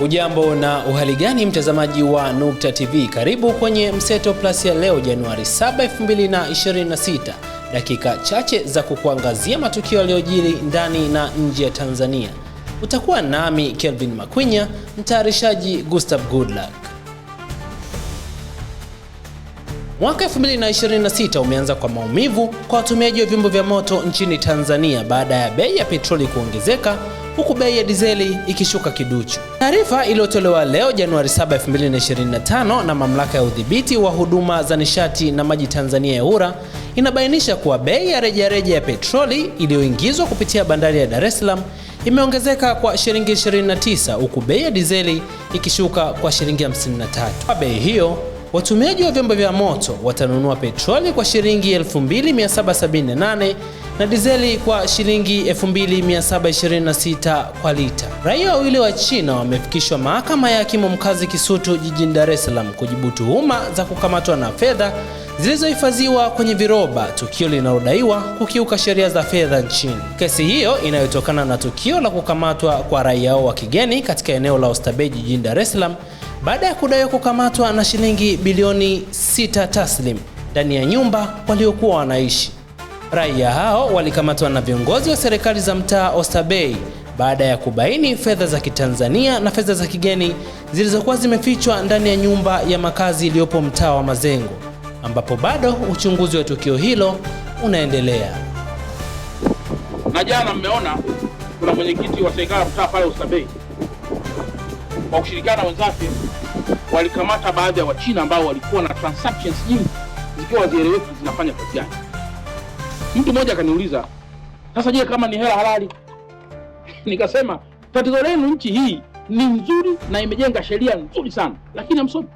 Ujambo na uhali gani, mtazamaji wa Nukta TV, karibu kwenye Mseto Plus ya leo Januari 7, 2026, dakika chache za kukuangazia matukio yaliyojiri ndani na nje ya Tanzania. Utakuwa nami Kelvin Makwinya, mtayarishaji Gustav Goodluck. Mwaka 2026 umeanza kwa maumivu kwa watumiaji wa vyombo vya moto nchini Tanzania baada ya bei ya petroli kuongezeka huku bei ya dizeli ikishuka kiduchu. Taarifa iliyotolewa leo Januari 7, 2025 na Mamlaka ya Udhibiti wa Huduma za Nishati na Maji Tanzania EWURA inabainisha kuwa bei ya rejareja ya petroli iliyoingizwa kupitia bandari ya Dar es Salaam imeongezeka kwa shilingi 29 huku bei ya dizeli ikishuka kwa shilingi 53. Kwa bei hiyo watumiaji wa vyombo vya moto watanunua petroli kwa shilingi 2778 na dizeli kwa shilingi 2726 kwa lita. Raia wawili wa China wamefikishwa mahakama ya hakimu mkazi Kisutu jijini Dar es Salaam kujibu tuhuma za kukamatwa na fedha zilizohifadhiwa kwenye viroba, tukio linalodaiwa kukiuka sheria za fedha nchini. Kesi hiyo inayotokana na tukio la kukamatwa kwa raia wa kigeni katika eneo la Oysterbay jijini Dar es Salaam baada ya kudaiwa kukamatwa na shilingi bilioni sita taslim ndani ya nyumba waliokuwa wanaishi. Raia hao walikamatwa na viongozi wa serikali za mtaa Oysterbay baada ya kubaini fedha za Kitanzania na fedha za kigeni zilizokuwa zimefichwa ndani ya nyumba ya makazi iliyopo mtaa wa Mazengo, ambapo bado uchunguzi wa tukio hilo unaendelea. Na jana mmeona kuna mwenyekiti wa serikali ya mtaa pale Oysterbay kwa kushirikiana na wenzake walikamata baadhi ya Wachina ambao walikuwa na transactions nyingi zikiwa hazieleweki zinafanya kazi gani. Mtu mmoja akaniuliza, sasa je, kama ni hela halali? Nikasema tatizo lenu, nchi hii ni nzuri na imejenga sheria nzuri sana, lakini hamsomi.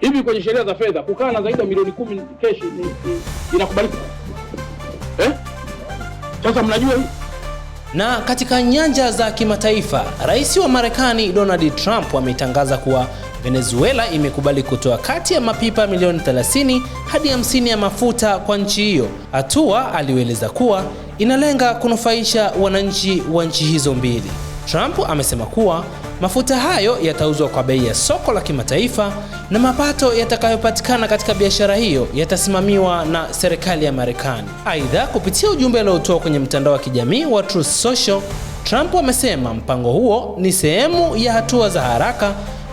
Hivi kwenye sheria za fedha kukaa na zaidi ya milioni kumi keshi inakubalika eh? Sasa mnajua hii na katika nyanja za kimataifa, rais wa Marekani Donald Trump ametangaza kuwa Venezuela imekubali kutoa kati ya mapipa milioni 30 hadi 50 ya mafuta kwa nchi hiyo, hatua aliyoeleza kuwa inalenga kunufaisha wananchi wa nchi hizo mbili. Trump amesema kuwa mafuta hayo yatauzwa kwa bei ya soko la kimataifa na mapato yatakayopatikana katika biashara hiyo yatasimamiwa na serikali ya Marekani. Aidha, kupitia ujumbe aliotoa kwenye mtandao wa kijamii wa Truth Social, Trump amesema mpango huo ni sehemu ya hatua za haraka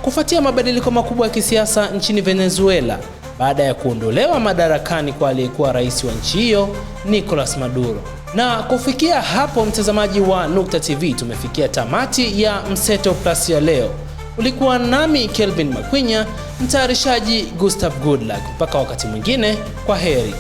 Kufuatia mabadiliko makubwa ya kisiasa nchini Venezuela baada ya kuondolewa madarakani kwa aliyekuwa rais wa nchi hiyo Nicolas Maduro. Na kufikia hapo, mtazamaji wa Nukta TV, tumefikia tamati ya Mseto Plus ya leo. Ulikuwa nami Kelvin Makwinya, mtayarishaji Gustav Goodluck. Mpaka wakati mwingine, kwa heri.